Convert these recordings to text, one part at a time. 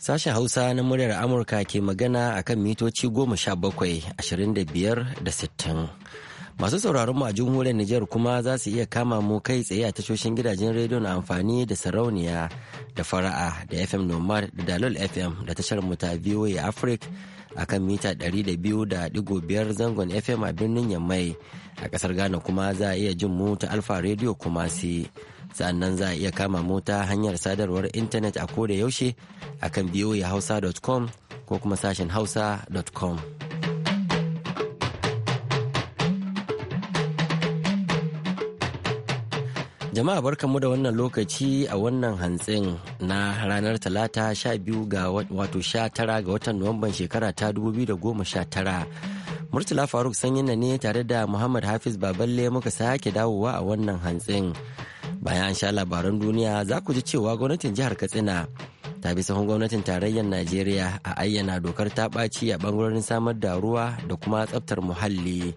Sashen Hausa na muryar Amurka ke magana a kan mitoci goma sha bakwai, ashirin da biyar da sittin. Masu sauraron mu a jamhuriyar Nijar kuma za su iya kama mu kai tsaye a tashoshin gidajen rediyo na amfani da sarauniya da fara'a da FM Nomad da Dalol FM da tashar mu ta VOA Africa a kan mita 200.5 zangon FM a birnin Yammai a ƙasar Ghana kuma za a iya jin mu ta Alfa Radio Kumasi. sannan za a iya kama mota hanyar sadarwar intanet a koda yaushe a akan hausa.com ko kuma sashen hausa.com. Jama'a barkanmu da wannan lokaci a wannan hantsin na ranar talata 12 ga wato 19 ga watan Nuwamban shekara ta biyu da goma 2019. Murtala Faruk sanyi ne tare da Muhammad Hafiz Baballe muka sake dawowa a wannan hantsin. bayan an sha labaran duniya za ku ji cewa gwamnatin jihar katsina ta bi sahun gwamnatin tarayyar najeriya a ayyana dokar ta ɓaci a ɓangarorin samar da ruwa da kuma tsaftar muhalli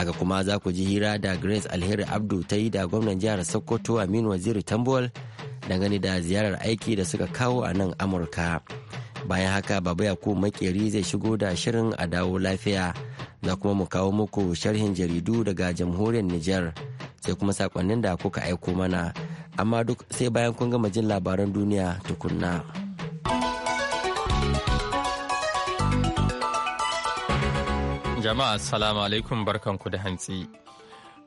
haka kuma za ku ji hira da grace alheri abdu ta yi da gwamnan jihar sokoto aminu waziri tambol dangane da ziyarar aiki da suka kawo a nan amurka bayan haka baba Yakub makeri zai shigo da shirin a dawo lafiya za kuma mu kawo muku sharhin jaridu daga jamhuriyar Nijar. sai kuma sakonnin da kuka aiko mana amma duk sai bayan kun gama jin labaran duniya tukunna. jama'a assalamu alaikum barkanku da hantsi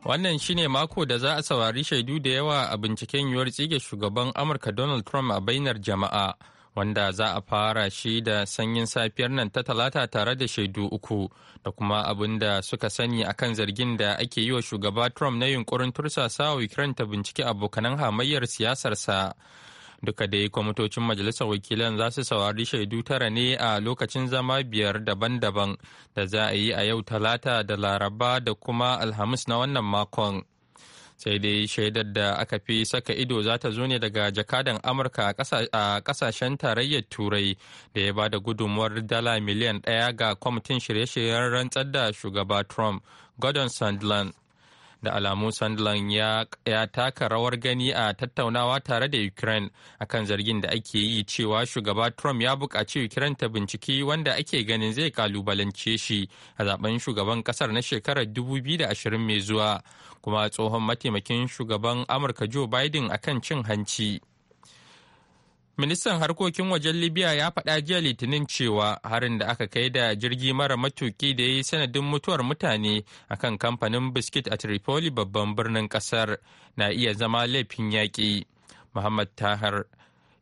wannan shine mako da za a saurari shaidu da yawa a binciken yiwuwar tsige shugaban amurka donald trump a bainar jama'a wanda za a fara shi da sanyin safiyar nan ta talata tare da shaidu uku da kuma abin da suka sani akan zargin da ake yi wa shugaba trump na yunkurin tursasa wa ukraine ta bincike abokanan hamayyar siyasarsa duka dai kwamitocin majalisar wakilan za su saurari shaidu tara ne a lokacin zama biyar daban-daban da za a yi a yau talata da laraba da kuma alhamis na wannan makon sai dai shaidar da aka fi saka ido za ta zo ne daga jakadan amurka a kasashen tarayyar turai da ya ba da gudunmuwar dala miliyan ɗaya ga kwamitin shirye-shiryen rantsar da shugaba trump gordon sandland da alamu Sunderland ya, taka rawar gani a tattaunawa tare da Ukraine akan zargin da ake yi cewa shugaba Trump ya buƙaci Ukraine ta binciki wanda ake ganin zai kalubalance shi a zaben shugaban ƙasar na shekarar 2020 mai zuwa kuma tsohon mataimakin shugaban Amurka Joe Biden akan cin hanci. Ministan harkokin wajen Libya ya faɗa jiya Litinin cewa harin da aka kai da jirgi mara matuki da ya yi sanadin mutuwar mutane a kan kamfanin biskit a Tripoli babban birnin kasar na iya zama laifin yaƙi. Muhammad Tahar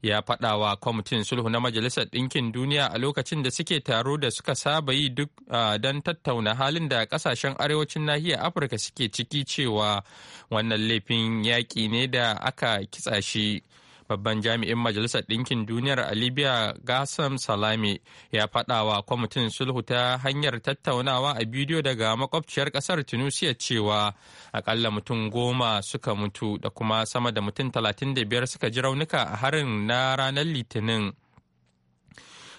ya faɗa wa kwamitin sulhu na Majalisar Ɗinkin Duniya a lokacin da suke taro da suka saba yi duk don tattauna halin da ƙasashen arewacin nahiyar Afirka suke ciki cewa wannan laifin yaƙi ne da aka kitsa shi. babban jami'in majalisar ɗinkin duniyar a libya gasam salame ya faɗawa kwamitin sulhu ta hanyar tattaunawa a bidiyo daga makwabciyar ƙasar tunisia cewa akalla mutum goma suka mutu da kuma sama da mutum talatin da biyar suka ji raunuka a harin na ranar litinin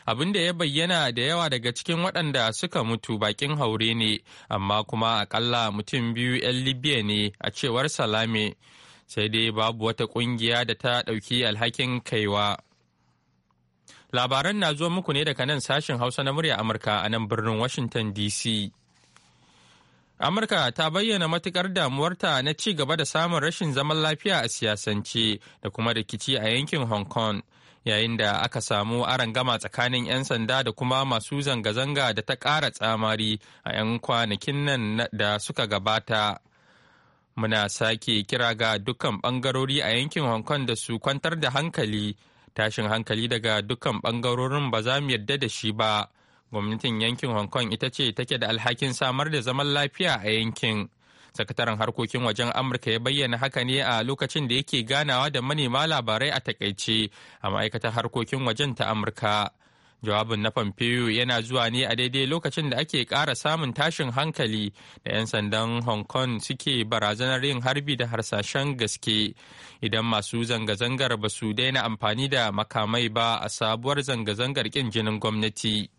abin da ya bayyana da yawa daga cikin waɗanda suka mutu bakin haure ne amma kuma akalla mutum biyu 'yan libya ne a cewar salame sai dai babu wata kungiya da ta ɗauki alhakin kaiwa. Labaran na zuwa muku ne daga nan sashen Hausa na murya Amurka a nan birnin Washington DC. Amurka ta bayyana matukar damuwarta na ci gaba da samun rashin zaman lafiya a siyasance da kuma rikici a yankin Hong Kong. yayin da aka samu gama tsakanin 'yan sanda da kuma masu zanga-zanga da ta ƙara tsamari a 'yan kwanakin nan da suka gabata. muna sake kira ga dukkan bangarori a yankin hong kong da su kwantar da hankali tashin hankali daga dukkan bangarorin ba za mu yarda da shi ba gwamnatin yankin hong kong ita ce take da alhakin samar da zaman lafiya a yankin sakataren harkokin wajen amurka ya bayyana haka ne a lokacin da yake ganawa da manema labarai a takaice a ma'aikatar harkokin wajen ta amurka Jawabin na Pompeo yana zuwa ne a daidai lokacin da ake kara samun tashin hankali da 'yan sandan Hong Kong suke barazanar yin harbi da harsashen gaske idan masu zanga-zangar ba su daina amfani da makamai ba a sabuwar zanga-zangar kin jinin gwamnati.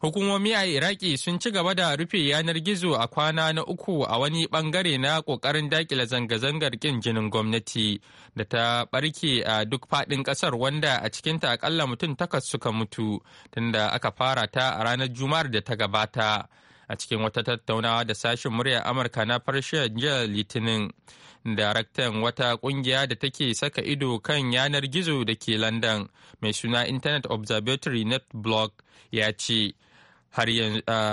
Hukumomi a Iraki sun ci gaba da rufe yanar gizo a kwana na uku a wani bangare na ƙoƙarin dakila zanga-zangar kin jinin gwamnati da ta ɓarke a duk faɗin ƙasar wanda a cikinta akalla mutum takwas suka mutu tunda aka fara ta a ranar Juma'ar da ta gabata. A cikin wata tattaunawa da sashen murya Amurka na Farshiya jiya Litinin, daraktan wata ƙungiya da take saka ido kan yanar gizo da ke London mai suna Internet Observatory Net Blog ya ce, har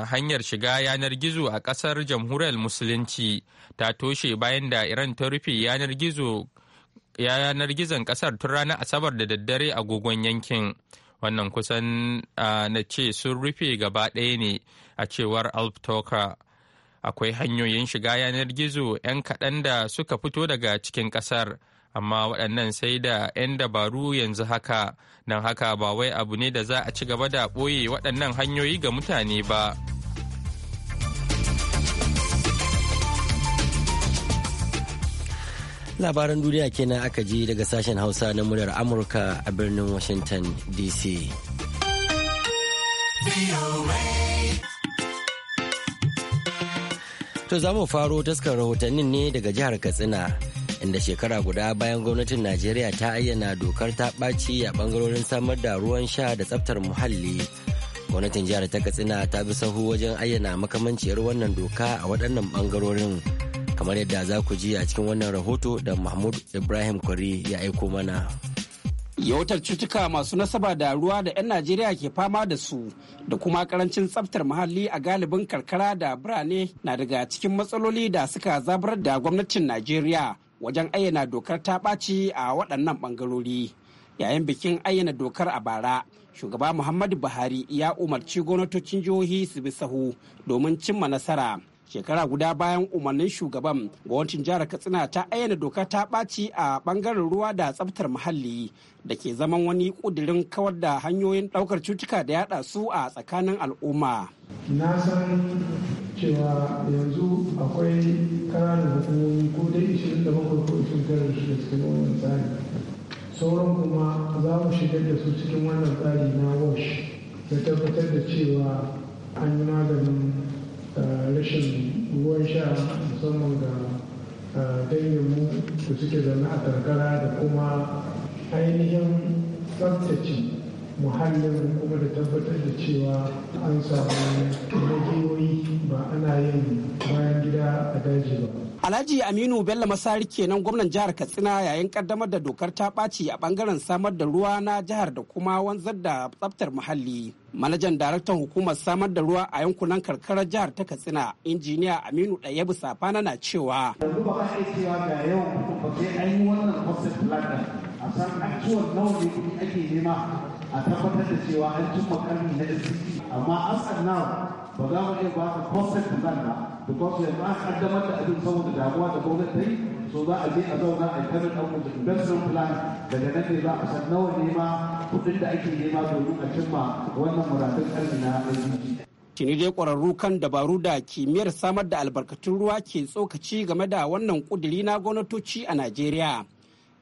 hanyar shiga yanar gizo a kasar jamhuriyar musulunci ta toshe bayan da iran ta rufe yanar gizo yanar gizon kasar tun ranar asabar da daddare agogon yankin wannan kusan na ce sun rufe gaba ɗaya ne a cewar alptoka akwai hanyoyin shiga yanar gizo 'yan kaɗan da suka fito daga cikin kasar. amma waɗannan sai da 'yan dabaru yanzu haka don haka ba wai abu ne da za a ci gaba da ɓoye waɗannan hanyoyi ga mutane ba. labaran duniya kenan aka ji daga sashen hausa na muryar amurka a birnin washington dc to za mu faro taskar rahotannin ne daga jihar katsina inda shekara guda bayan gwamnatin najeriya ta ayyana dokar ta ɓaci a ɓangarorin samar da ruwan sha da tsaftar muhalli gwamnatin jihar ta katsina ta bi sahu wajen ayyana makamanciyar wannan doka a waɗannan ɓangarorin kamar yadda za ku ji a cikin wannan rahoto da mahmud ibrahim kwari ya aiko mana Yawatar cutuka masu nasaba da ruwa da 'yan najeriya ke fama da su da kuma karancin tsaftar muhalli a galibin karkara da birane na daga cikin matsaloli da suka zabar da gwamnatin najeriya wajen ayyana dokar ta ɓaci a waɗannan ɓangarori yayin bikin ayyana dokar a bara shugaba muhammadu buhari ya umarci gwamnatocin jihohi su bi sahu domin cimma nasara shekara guda bayan umarnin shugaban gwamnatin jihar katsina ta ayyana doka ta ɓaci a ɓangaren ruwa da tsaftar muhalli da ke zaman wani ƙudirin kawar da hanyoyin ɗaukar cutuka da yaɗa su a tsakanin al'umma na san cewa yanzu akwai ƙananan hukumomi ko dai ko da cikin wannan tsari sauran kuma za mu shigar da su cikin wannan tsari na wash da tabbatar da cewa an yi maganin Eh, rashin ruwan sha musamman ga eh, danginmu da suke zaune a karkara da kuma ainihin tsaftace muhallin kuma da tabbatar da cewa an samu magiyoyi ba ana yin bayan gida a daji ba Alhaji Aminu Bello Masari kenan gwamnan jihar Katsina yayin kaddamar da dokar ta ɓaci a bangaren samar da ruwa na jihar da kuma wanzar da tsaftar muhalli. Manajan daraktan hukumar samar da ruwa a yankunan karkarar jihar ta Katsina, injiniya Aminu Ɗayabu Safana na cewa. ba za cewa ga ba wannan concept a san ake nema a tabbatar da cewa an cimma ƙarni na SDG amma as now ba za mu iya ba ka concept plan because the moment kaddamar da abin the damuwa da gwamnati ta yi so za a je a zauna a kanin ɗaukar da investment plan daga nan ne za a san nawa nema kuɗin da ake nema domin a cimma wannan muradun ƙarni na arziki. Tuni dai ƙwararru kan dabaru da kimiyyar samar da albarkatun ruwa ke tsokaci game da wannan ƙudiri na gwamnatoci a Najeriya.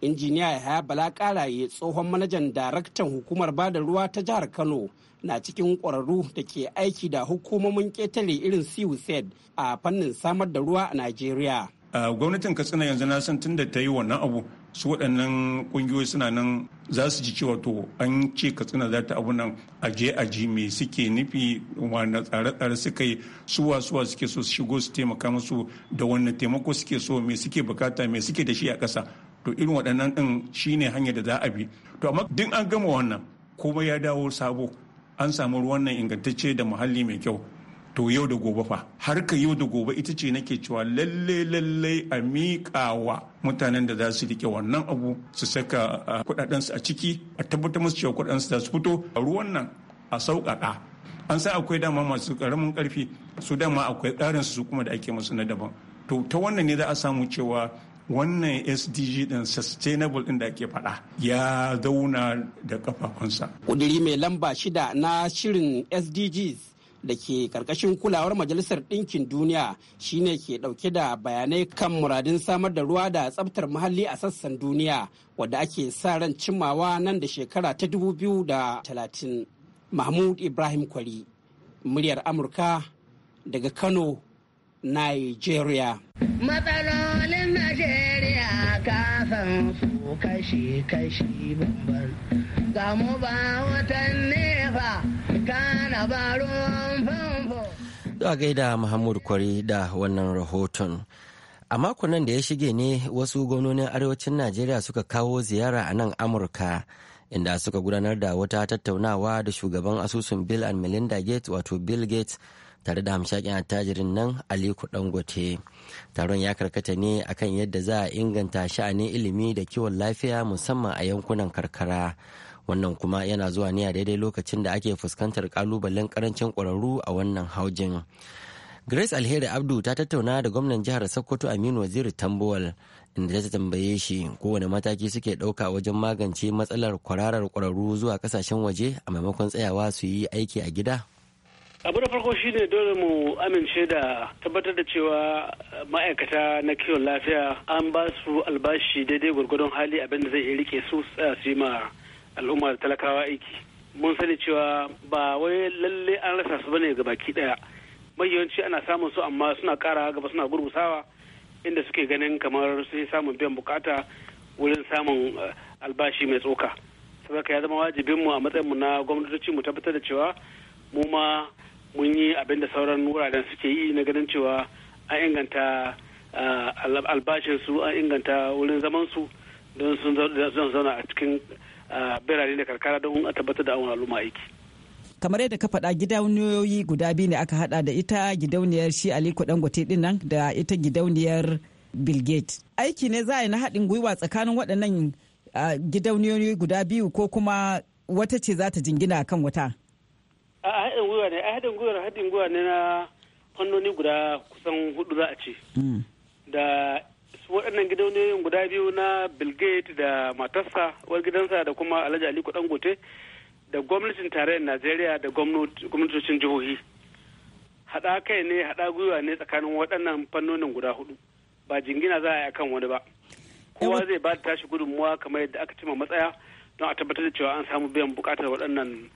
Injiniya ya haya Bala Karaye tsohon manajan daraktan hukumar bada ruwa ta jihar Kano na cikin kwararru da ke aiki da hukumomin ƙetare irin siusaid a fannin samar da ruwa a najeriya gwamnatin katsina yanzu na san tunda ta yi wannan abu su waɗannan ƙungiyoyi suna nan za su ji cewa to an ce katsina za ta abu nan aje aji me suke nufi wani tsare-tsare suka yi suwa suwa suke so su shigo su taimaka musu da wannan taimako suke so me suke bukata me suke da shi a ƙasa to irin waɗannan ɗin shine hanyar da za a bi to amma duk an gama wannan komai ya dawo sabo an samu ruwan nan ingantacce da muhalli mai kyau to yau da gobe fa har ka yau da gobe ita ce nake cewa lalle lalle a miƙa wa mutanen da za su rike wannan abu su saka su a ciki a tabbatar musu cewa su za su fito a ruwan nan a sauƙaƙa an sa akwai dama masu ƙaramin ƙarfi su dama akwai tsarin su kuma da ake musu na daban to ta wannan ne za a samu cewa wannan sdg din sustainable din da ake faɗa ya zauna da kafafunsa ƙuduri mai lamba shida na shirin sdgs da ke ƙarƙashin kulawar majalisar ɗinkin duniya shine ke ɗauke da bayanai kan muradin samar da ruwa da tsabtar muhalli a sassan duniya wadda ake sa ran cimmawa nan da shekara ta 2030 mahmud ibrahim kwari muryar amurka daga kano Nigeria. Matsalolin Najeriya kasan su kashi-kashi bambar. Ga mu ba watan nefa kana ba ruwan famfo. Za gaida Muhammadu Kwari da wannan rahoton. A makon nan da ya shige ne wasu gwamnonin arewacin Najeriya suka kawo ziyara a nan Amurka. inda suka gudanar da wata tattaunawa da shugaban asusun bill and melinda gates wato bill gates tare da hamshakin attajirin nan aliko dangote taron ya karkata ne akan yadda za a inganta sha'anin ilimi da kiwon lafiya musamman a yankunan karkara wannan kuma yana zuwa ne a daidai lokacin da ake fuskantar kalubalen karancin ƙwararru a wannan haujin grace alheri abdu ta tattauna da gwamnan jihar sokoto aminu waziri tambowal inda ta tambaye shi kowane mataki suke ɗauka wajen magance matsalar kwararar kwararru zuwa kasashen waje a maimakon tsayawa su yi aiki a gida abu da farko shine dole mu amince da tabbatar da cewa ma'aikata na kiwon lafiya an ba su albashi daidai gwargwadon hali abin da zai iya rike su su yi ma al'umma da talakawa aiki mun sani cewa ba wai lalle an rasa su bane ga baki daya mai yawanci ana samun su amma suna kara gaba suna gurgusawa inda suke ganin kamar sai samun biyan bukata wurin samun albashi mai tsoka saboda ya zama mu a mu na gwamnatoci mu tabbatar da cewa mu ma mun yi abin da sauran wuraren suke yi na ganin cewa an inganta albashinsu an inganta wurin zamansu don sun zauna a cikin birane da karkara don a tabbatar da an al'umma aiki kamar yadda ka faɗa gidauniyoyi guda biyu ne aka hada da ita gidauniyar shi aliko dangote din nan da ita gidauniyar bill gates aiki ne za a yi na haɗin gwiwa tsakanin waɗannan gidauniyoyi guda biyu ko kuma wata ce za ta jingina kan wata a haɗin gwiwa ne a haɗin gwiwa haɗin gwiwa ne na fannoni guda kusan hudu za a ce hmm. da waɗannan gidauniyoyin guda biyu na bill gates da matarsa uwar gidansa da kuma alhaji aliko dangote da gwamnatin tarayyar najeriya da gwamnatocin jihohi haɗa kai ne haɗa gwiwa ne tsakanin waɗannan fannonin guda hudu ba jingina za a yi akan wani ba kowa zai ba da tashi gudunmuwa kamar yadda aka cima matsaya don a tabbatar da cewa an samu biyan bukatar waɗannan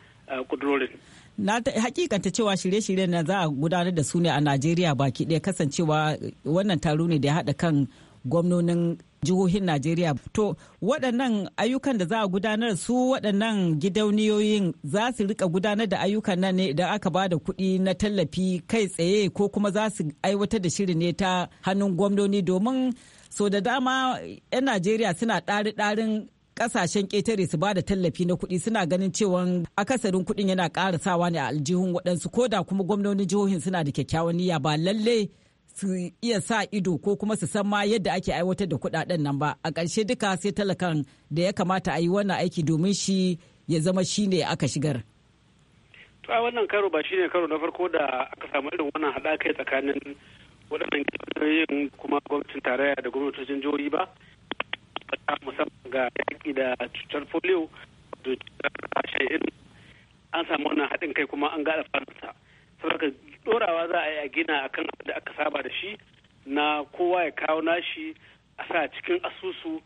kudurorin eh, na hakikanta cewa shirye shirye na za a gudanar da su ne a najeriya baki ɗaya kasancewa eh, wannan taro ne da ya haɗa kan gwamnonin jihohin Najeriya. To waɗannan ayyukan da za a gudanar su waɗannan gidauniyoyin za su rika gudanar da ayyukan nan ne idan aka ba da kuɗi na tallafi kai tsaye ko kuma za su aiwatar da shiri ne ta hannun gwamnoni domin so da dama 'yan Najeriya suna ɗari-ɗarin ƙasashen ƙetare su ba da tallafi na kuɗi suna ganin cewa akasarin kuɗin yana ƙara sawa ne a aljihun waɗansu ko da kuma gwamnonin jihohin suna da kyakkyawan niyya ba lallai. su iya sa ido ko kuma su san ma yadda ake aiwatar da kudaden nan ba a ƙarshe duka sai talakan da ya kamata a yi wannan aiki domin shi ya zama shi ne aka shigar to a wannan karo ba shi ne karo na farko da aka samu irin wannan hada kai tsakanin waɗannan gidajen kuma gwamnatin tarayya da gwamnatocin jihohi ba musamman ga yaƙi da cutar polio da kashe an samu wannan haɗin kai kuma an gaɗa faransa saboda ɗorawa za a yi a gina a kan da aka saba da shi na kowa ya kawo nashi a sa cikin asusu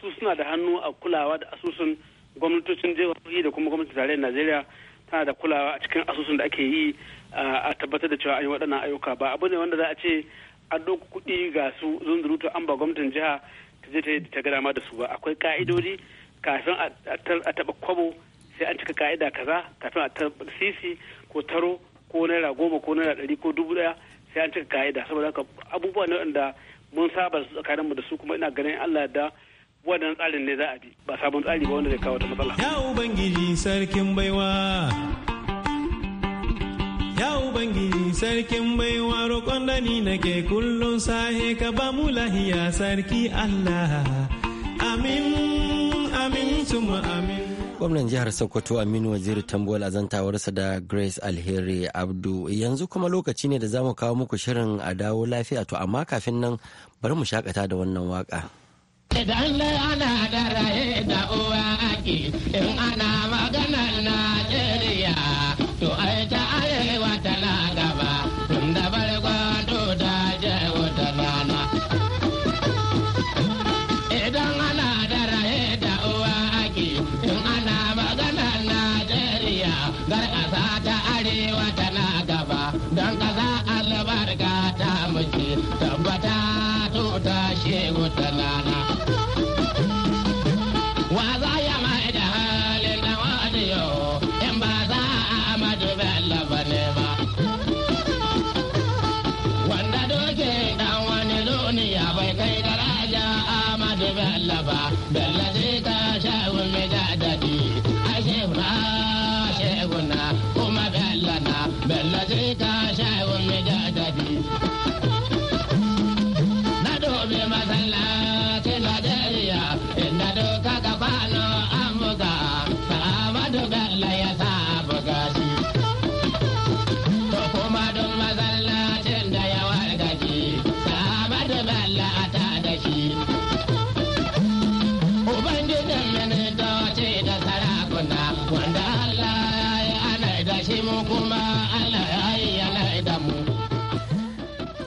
su suna da hannu a kulawa da asusun gwamnatocin jihohi da kuma gwamnatin tarayyar najeriya tana da kulawa a cikin asusun da ake yi a tabbatar da cewa an yi waɗannan ayyuka ba abu ne wanda za a ce an ɗauki kuɗi ga su zunzurutu an ba gwamnatin jiha ta je ta ga dama da su ba akwai ka'idodi kafin a taɓa kwabo sai an cika ka'ida kaza kafin a taɓa sisi ko taro ko naira goma ko naira ɗari ko dubu ɗaya sai an cika da saboda haka abubuwa ne wanda mun saba mu da su kuma ina ganin Allah da wannan tsarin ne za a bi ba sabon tsari ba wanda zai kawo ta matsala. Ya Ubangiji sarkin baiwa. Ya Ubangiji sarkin baiwa roƙon da ni nake kullum sahe ka ba mu lahiya sarki Allah. Amin, amin, tuma amin. Gwamnan jihar Sokoto Aminu Waziri Tambuwal a zantawarsa da Grace Alheri Abdu yanzu kuma lokaci ne da za mu kawo muku shirin a dawo lafiya to amma kafin nan bari mu shakata da wannan waka. Idan ana da ana Najeriya da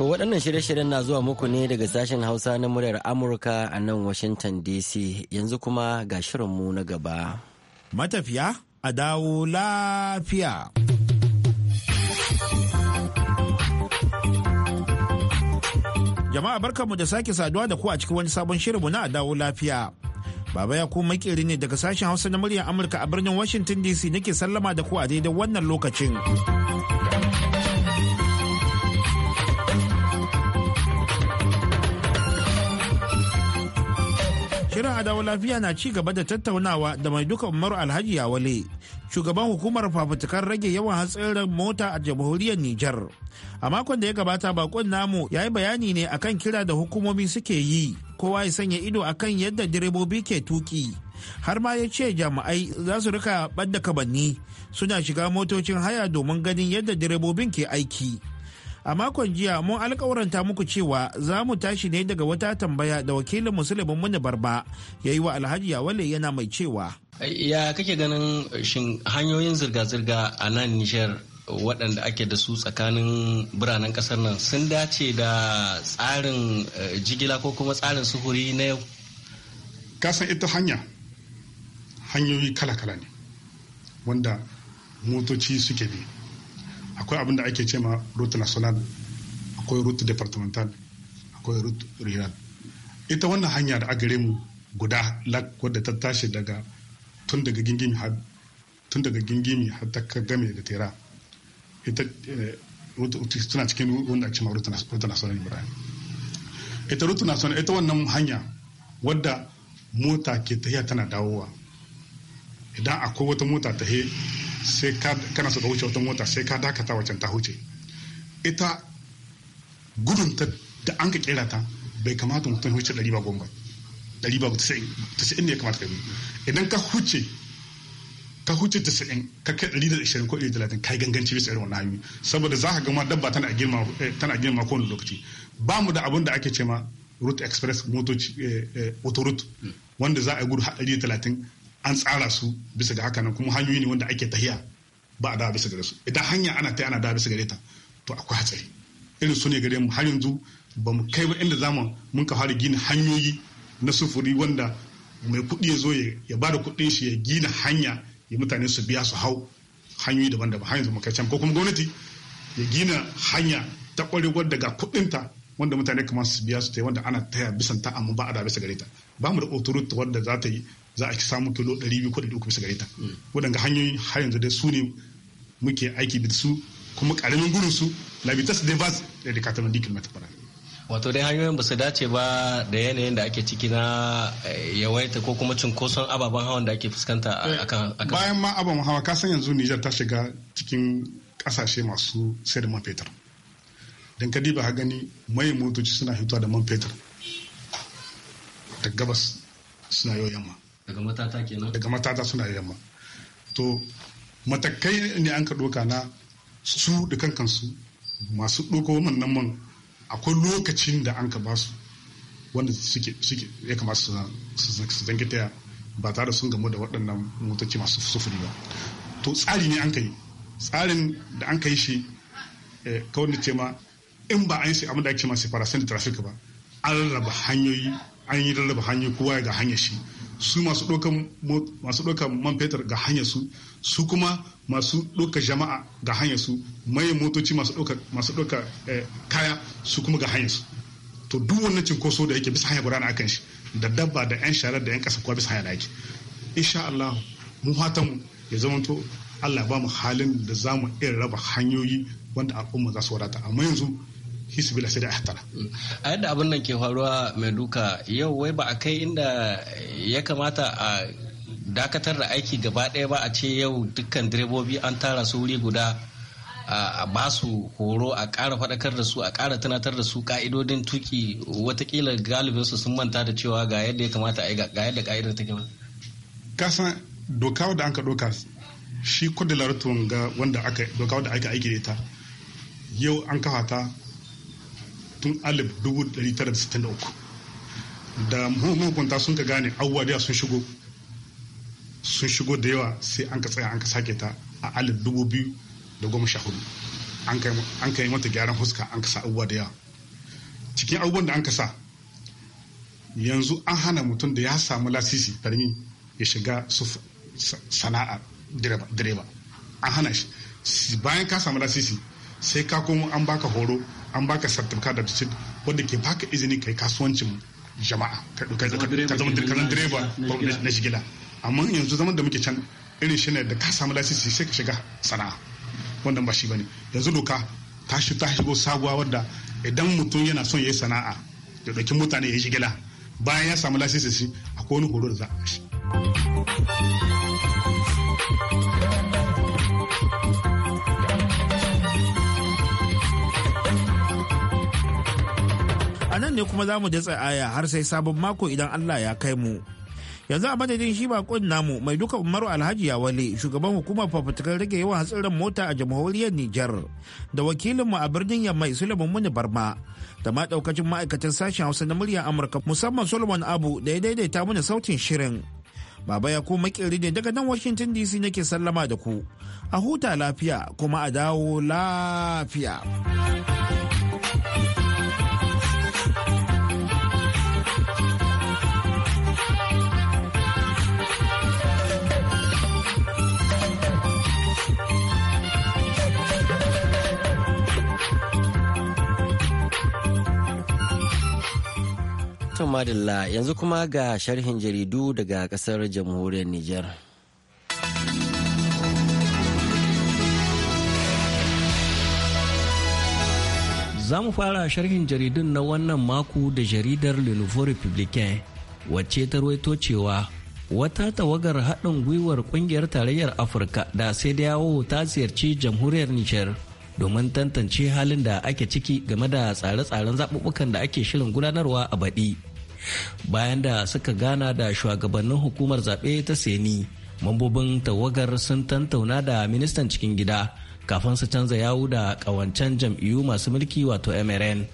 To waɗannan shirye-shiryen na zuwa muku ne daga sashen Hausa na muryar Amurka a nan Washington DC yanzu kuma ga shirinmu na gaba. Matafiya a dawo lafiya. Jama'a barkanmu da sake saduwa da ku a cikin wani sabon shirinmu na a dawo lafiya. Baba ya kuma makeri ne daga sashen Hausa na muryar Amurka a birnin Washington DC nake sallama da ku a daidai wannan lokacin. shirin adawa lafiya na ci gaba da tattaunawa da mai duka umaru alhaji awale shugaban hukumar fafutukar rage yawan hatsarin mota a jamhuriyar nijar a makon da ya gabata bakon namu ya yi bayani ne akan kira da hukumomi suke yi kowa ya sanya ido akan yadda direbobi ke tuki har ma ya ce jami'ai za su rika ɓadda kabanni suna shiga motocin haya domin ganin yadda direbobin ke aiki A makon jiya mun alkawaranta muku cewa za mu tashi ne daga wata tambaya da wakilin musulmin muni barba ya yi wa alhaji yawale yana mai cewa. Ya kake ganin shin hanyoyin zirga-zirga a nan Nijar waɗanda ake da su tsakanin biranen ƙasar nan sun dace da tsarin eh, jigila ko kuma tsarin suhuri na yau? Kasan ita hanya hanyoyi kala-kala ne wanda motoci suke bi. akwai abin da ake ce ma route national akwai route departmental akwai route rural ita wannan hanya da agare mu guda lak wadda ta tashi daga tun daga gingimi har tun daga gingimi har ta game da tera ita suna eh, cikin wanda ake ma route national ibrahim ita route national ita wannan hanya wadda mota ke tahiya tana dawowa idan akwai wata mota ta he sai kana so ka wuce wata mota sai ka dakata wacan ta huce ita gudun ta da an ka kera ta bai kamata mutum huce ɗari ba goma ɗari ba tasa'in ne ya kamata ka bi idan ka huce ka huce tasa'in ka kai ɗari da ashirin ko ɗari talatin ka yi ganganci bisa irin wannan hanyoyi saboda za ka gama dabba tana girma eh, tana girma kowane lokaci ba mu da abin da ake ce ma route express motoci eh, eh, autoroute hmm. wanda za a yi gudu haɗari talatin an tsara su bisa ga haka nan kuma hanyoyi ne wanda ake tahiya ba a da bisa gare su idan hanya ana ta ana da bisa gare ta to akwai hatsari irin su ne gare mu har yanzu ba mu kai ba inda zamu mun ka fara gina hanyoyi na sufuri wanda mai kuɗi ya zo ya ba da kuɗin shi ya gina hanya ya mutane su biya su hau hanyoyi daban-daban har yanzu can ko kuma gwamnati ya gina hanya ta ƙwarewar daga kuɗinta wanda mutane kamar su biya su ta wanda ana taya bisan ta amma ba a da bisa gare ta ba mu da otorita wanda za ta yi za a ci samu kilo 200 ko 300 bisa gare ta waɗanda hanyoyi har yanzu dai su ne muke aiki da su kuma karamin gurin su La labitas de vas da da katalan dikin matafara wato dai hanyoyin ba su dace ba da yanayin da ake ciki na eh, yawaita ko kuma cunkoson ababen hawan da ake fuskanta akan bayan ma ababen hawa ka san yanzu Nijar ta shiga cikin kasashe masu sayar da man fetur dan ka diba ha gani mai motoci suna hituwa da man fetur da gabas suna yau yamma daga matata kenan daga matata suna yamma to matakai ne an ka doka na su da kankan su masu ɗauko wannan man akwai lokacin da an ka ba su wanda suke suke ya kamata su zange taya ba tare sun gamu da waɗannan motoci masu sufuri ba to tsari ne an ka yi tsarin da an ka yi shi eh, kawai da ce ma in ba an yi abin da ake ma separation traffic ba an rarraba hanyoyi an yi rarraba hanyoyi kowa ga hanyar shi su masu ɗaukan man fetur ga hanyar su su kuma masu ɗauka jama'a ga hanyar su mai motoci masu ɗauka eh, kaya su kuma ga hanyar su to duk wannan cinkoso da yake bisa hanya gudana akan shi da dabba da yan sharar da yan kasa kuwa bisa hanya da yake insha Allah mu fatan ya zamanto Allah ba mu halin da za mu iya raba hanyoyi wanda al'umma za su wadata amma yanzu hisbila sai da hatara. Mm. a yadda abin nan ke faruwa mai duka yau wai ba a kai inda ya kamata a dakatar da aiki gaba ɗaya ba a ce yau dukkan direbobi an tara su wuri guda a ba su horo a ƙara faɗakar da su a ƙara tunatar da su ƙa'idodin tuki watakila galibin su sun manta da cewa ga yadda ya kamata a ga yadda ƙa'idar take ba. kasan doka da an ka doka shi kudu lartuwan ga wanda aka doka da aka aiki da ita yau an kafa ta tun 1963 da mahukunta sun ka gane awwadiya sun shigo sun shigo da yawa sai an ka tsaya an ka sake ta a 2014 an ka yi mata gyaran huska an ka sa abubuwa da yawa cikin abubuwan da an ka sa yanzu an hana mutum da ya samu lasisi farmi ya shiga sana'a direba an hana shi bayan ka samu lasisi sai ka komo an baka horo an baka certificate da receipt wanda ke baka izini kai kasuwancin jama'a ka zama direba na shigila amma yanzu zaman da muke can irin shi ne da ka samu lasisi sai ka shiga sana'a wannan ba shi bane yanzu doka ta shi ta shigo sabuwa wadda idan mutum yana son yayi sana'a da dauki mutane ya shigila bayan ya samu lasisi akwai wani horo da za a shi ne kuma za mu da tsaya har sai sabon mako idan Allah ya kai mu. Yanzu a madadin shi bakon namu mai duka Umaru Alhaji ya wale shugaban hukumar fafutukar rage yawan hatsarin mota a jamhuriyar Nijar da wakilinmu a birnin Yammai Suleiman Muni Barma da ma daukacin ma'aikatan sashen Hausa na muryar Amurka musamman Solomon Abu da ya daidaita mana sautin shirin. Baba ya ko makiri ne daga nan Washington DC nake sallama da ku. A huta lafiya kuma a dawo lafiya. rahoton madalla yanzu kuma ga sharhin jaridu daga kasar jamhuriyar Nijar. Za mu fara sharhin jaridun na wannan maku da jaridar Le Nouveau Republicain wacce ta ruwaito cewa wata tawagar haɗin gwiwar ƙungiyar tarayyar Afirka da sai da yawo ta ziyarci jamhuriyar Nijar. domin tantance halin da ake ciki game da tsare-tsaren zaɓuɓɓukan da ake shirin gudanarwa a baɗi bayan da suka gana da shugabannin hukumar zaɓe ta seni mambobin tawagar sun tantauna da ministan cikin gida kafin su canza yawu da ƙawancen jam'iyyu masu mulki wato mrn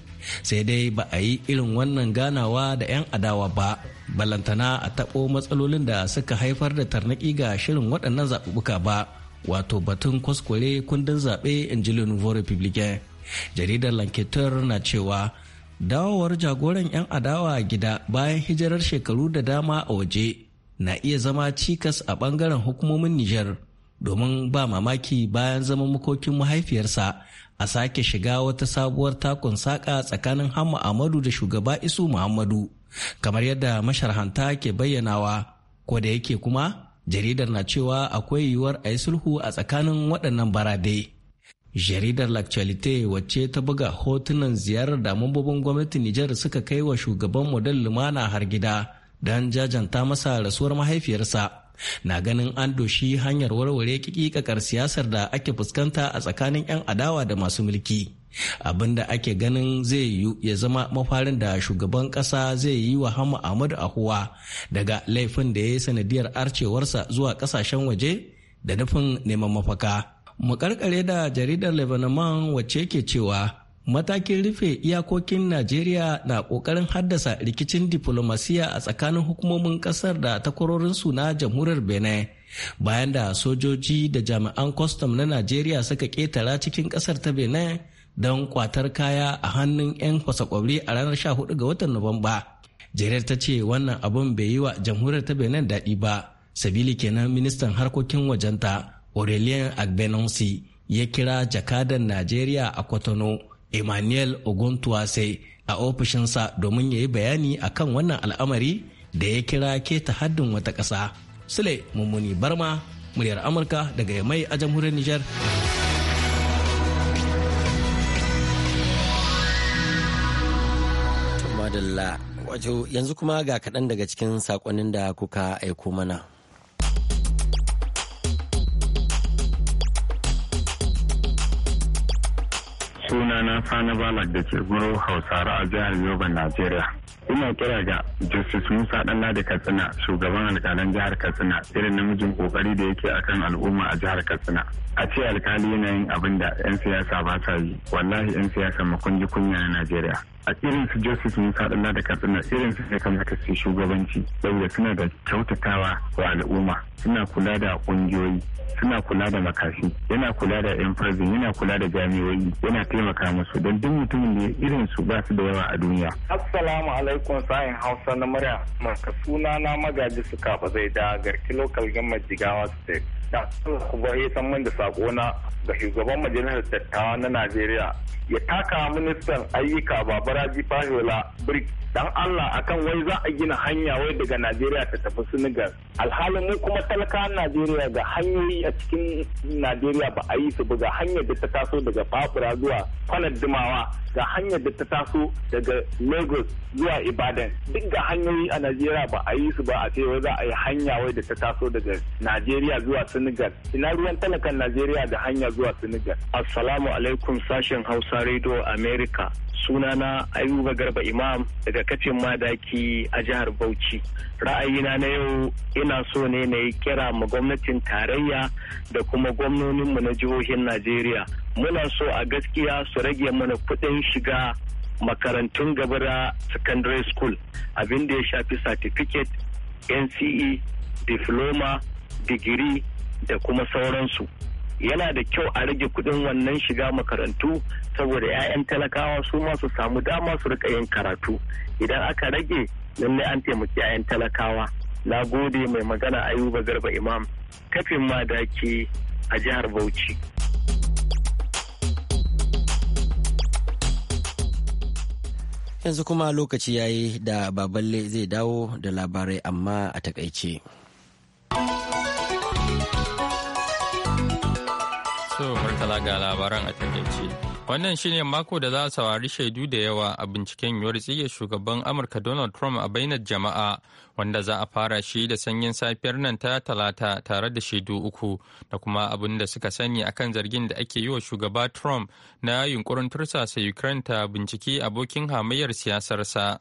sai dai ba a yi irin wannan ganawa da 'yan adawa ba balantana a taɓo matsalolin da suka haifar da tarnaki ga shirin waɗannan zaɓuɓɓuka ba wato batun kwaskwale kundin zaɓe in ji republican jaridar lanketer na cewa dawowar jagoran 'yan adawa a gida bayan hijirar shekaru da dama a waje na iya zama cikas a bangaren hukumomin Nijar domin ba mamaki bayan zama makokin mahaifiyarsa a sake shiga wata sabuwar takon saƙa tsakanin Hamma amadu da shugaba Isu Muhammadu kamar yadda masharhanta ke bayyanawa ko da yake kuma jaridar na cewa akwai yiwuwar a yi sulhu a tsakanin waɗannan baradai. jaridar l'actualité wacce ta buga hotunan ziyarar da mambobin gwamnatin nijar suka kai wa shugaban model lumana har gida don jajanta masa rasuwar mahaifiyarsa na ganin an doshi hanyar warware kikikakar siyasar da ake fuskanta a tsakanin 'yan adawa da masu mulki abin da ake ganin zai yiwu ya zama mafarin da shugaban kasa zai yi wa hama ahmadu ahuwa daga laifin da ya yi sanadiyar arcewarsa zuwa kasashen waje da nufin neman mafaka mu karkare da jaridar lebanon wacce ke cewa matakin rufe iyakokin najeriya na kokarin haddasa rikicin diflomasiya a tsakanin hukumomin kasar da takwarorinsu na jamhuriyar benin bayan da sojoji da jami'an kwastam na najeriya suka ketara cikin kasar ta benin don kwatar kaya a hannun 'yan kwasakwabri a ranar 14 ga watan nuwamba jirar ta ce wannan abin bai yi wa jamhuriyar ta benin daɗi ba sabili kenan ministan harkokin wajenta aurelien agbenonsi ya kira jakadan najeriya a kwatano emmanuel oguntuwase a ofishinsa domin ya yi bayani a kan wannan al'amari da ya kira keta haddin wata ƙasa sule mummuni barma muryar amurka daga mai a jamhuriyar nijar. Tumadalla, wato yanzu kuma ga kaɗan daga cikin saƙonin da kuka aiko mana sunana na fana balak da ke guro hausare a jihar yoban najeriya ina kira ga justice musa danna da katsina shugaban alkalan jihar katsina irin namijin kokari da yake akan al'umma a jihar katsina a ce alkali yin abin da 'yan siyasa ba sa yi wallahi 'yan siyasa makon ji kunya na najeriya a irin su joseph musa dalla da katsina irin su sai kamata su shugabanci saboda suna da kyautatawa wa al'umma suna kula da kungiyoyi suna kula da makashi yana kula da yan farzin yana kula da jami'oyi yana taimaka musu don duk mutumin da irin su ba su da yawa a duniya assalamu alaikum sain hausa na murya maka suna na magaji su kaba zai da garki lokal gamar jigawa state da kuma ya san min da na ga shugaban majalisar dattawa na najeriya ya taka ministan ayyuka babaraji fahola birki. dan allah akan wai za a gina hanya wai daga najeriya ta tafi senegal alhalin mu kuma talakawan najeriya ga hanyoyi a cikin najeriya ba a yi su ga hanyar da ta taso daga fafura zuwa kwanar dumawa ga hanyar da ta taso daga lagos zuwa ibadan duk ga hanyoyi a najeriya ba a yi su ba a ce wai za a yi hanya wai da ta taso daga najeriya zuwa Senegal ina ruwan talakan Najeriya da hanya zuwa Senegal assalamu alaikum sashen Hausa Radio America sunana ayuba garba imam daga kacin madaki a jihar bauchi ra'ayina na yau ina so ne na yi kira ma gwamnatin tarayya da kuma gwamnonin mu na jihohin najeriya muna so a gaskiya su rage mana kuɗin shiga makarantun gabara secondary school abinda ya shafi certificate nce diploma digiri da kuma sauransu yana da kyau a rage kudin wannan shiga makarantu saboda 'ya'yan talakawa su ma su samu dama su rika yin karatu idan aka rage lallai an taimaki 'ya'yan talakawa na gode mai magana ayuba garba imam kafin ma daki a jihar bauchi yanzu kuma lokaci yayi da baballe zai dawo da labarai amma a takaice. So, Murtala ga labaran a takaice. Wannan shine mako da za a saurari shaidu da yawa a binciken yiwuwar tsige shugaban Amurka Donald Trump a bainar jama'a, wanda za a fara shi da sanyin safiyar nan ta talata tare da shaidu uku da kuma abin da suka sani akan zargin da ake yi wa shugaba Trump na yunkurin tursasa Ukraine ta binciki abokin hamayyar siyasarsa.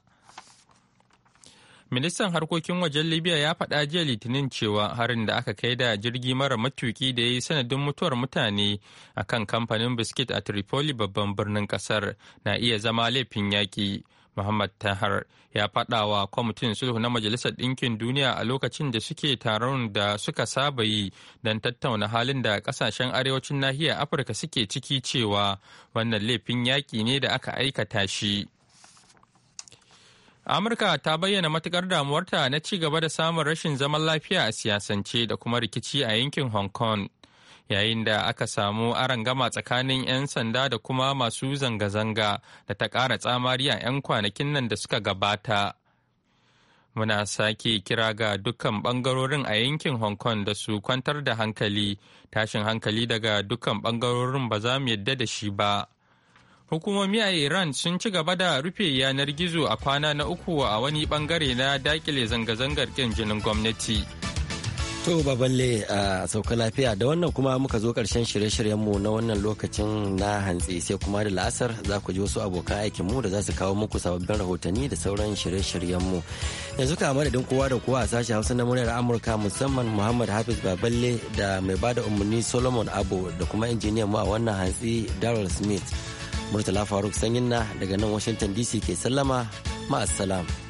Ministan harkokin wajen Libya ya faɗa jiya Litinin cewa harin da aka kai da jirgi mara matuki da ya yi sanadin mutuwar mutane a kan kamfanin biskit a Tripoli babban birnin ƙasar na iya zama laifin yaƙi. Muhammad Tahar ya faɗa wa kwamitin sulhu na Majalisar Ɗinkin Duniya a lokacin da suke taron da suka saba yi don tattauna halin da ƙasashen arewacin nahiyar Afirka suke ciki cewa wannan laifin yaƙi ne da aka aikata shi. Amurka ta bayyana matukar damuwarta na ci gaba da samun rashin zaman lafiya a siyasance da kuma rikici a yankin Hong Kong. Yayin da aka samu gama tsakanin 'yan sanda da kuma masu zanga-zanga da ta ƙara tsamari a 'yan kwanakin nan da suka gabata. Muna sake kira ga dukkan ɓangarorin a yankin Hong Kong da su kwantar da hankali, tashin hankali daga dukkan bangarorin ba za mu yadda da shi ba. hukumomi a iran sun ci gaba da rufe yanar gizo a kwana na uku a wani bangare na dakile zanga-zangar kin jinin gwamnati to baballe a sauka lafiya da wannan kuma muka zo karshen shirye-shiryenmu na wannan lokacin na hantsi sai kuma da la'asar za ku ji wasu abokan aikinmu da za su kawo muku sababbin rahotanni da sauran shirye-shiryenmu yanzu ka madadin kowa da kowa a sashen hausa na muryar amurka musamman muhammad hafiz baballe da mai bada umarni solomon Abu da kuma injiniyan mu a wannan hantsi darrell smith Murtala Faruk Sanyin daga nan Washington DC ke sallama ma'assalam.